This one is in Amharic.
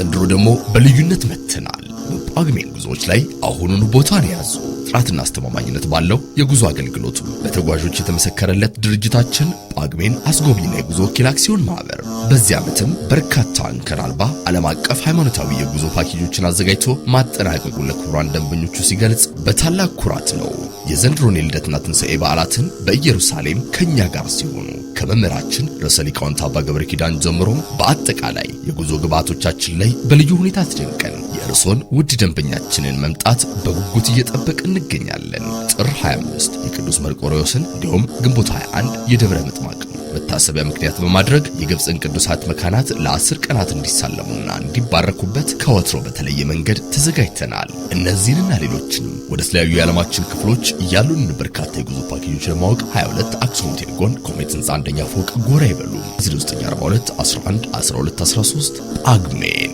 ዘንድሮ ደግሞ በልዩነት መጥተናል። በጳጉሜን ጉዞዎች ላይ አሁኑን ቦታን ያዙ። ጥራትና አስተማማኝነት ባለው የጉዞ አገልግሎቱ በተጓዦች የተመሰከረለት ድርጅታችን ጳግሜን አስጎብኝና የጉዞ ወኪል አክሲዮን ማህበር በዚህ ዓመትም በርካታ አንከር አልባ ዓለም አቀፍ ሃይማኖታዊ የጉዞ ፓኬጆችን አዘጋጅቶ ማጠናቀቁን ለክቡራን ደንበኞቹ ሲገልጽ በታላቅ ኩራት ነው። የዘንድሮን የልደትና ትንሣኤ በዓላትን በኢየሩሳሌም ከእኛ ጋር ሲሆኑ ከመምህራችን ርዕሰ ሊቃውንት አባ ገብረ ኪዳን ጀምሮ በአጠቃላይ የጉዞ ግብዓቶቻችን ላይ በልዩ ሁኔታ አስደንቀን የደረሶን ውድ ደንበኛችንን መምጣት በጉጉት እየጠበቅ እንገኛለን። ጥር 25 የቅዱስ መርቆሬዎስን እንዲሁም ግንቦት 21 የደብረ ምጥማቅ መታሰቢያ ምክንያት በማድረግ የግብፅን ቅዱሳት መካናት ለአስር ቀናት እንዲሳለሙና እንዲባረኩበት ከወትሮ በተለየ መንገድ ተዘጋጅተናል። እነዚህንና ሌሎችንም ወደ ተለያዩ የዓለማችን ክፍሎች ያሉንን በርካታ የጉዞ ፓኬጆች ለማወቅ 22 አክሱም ሆቴል ጎን ኮሜት ሕንፃ አንደኛ ፎቅ ጎራ ይበሉ 0942 11 12 13 ጳጉሜን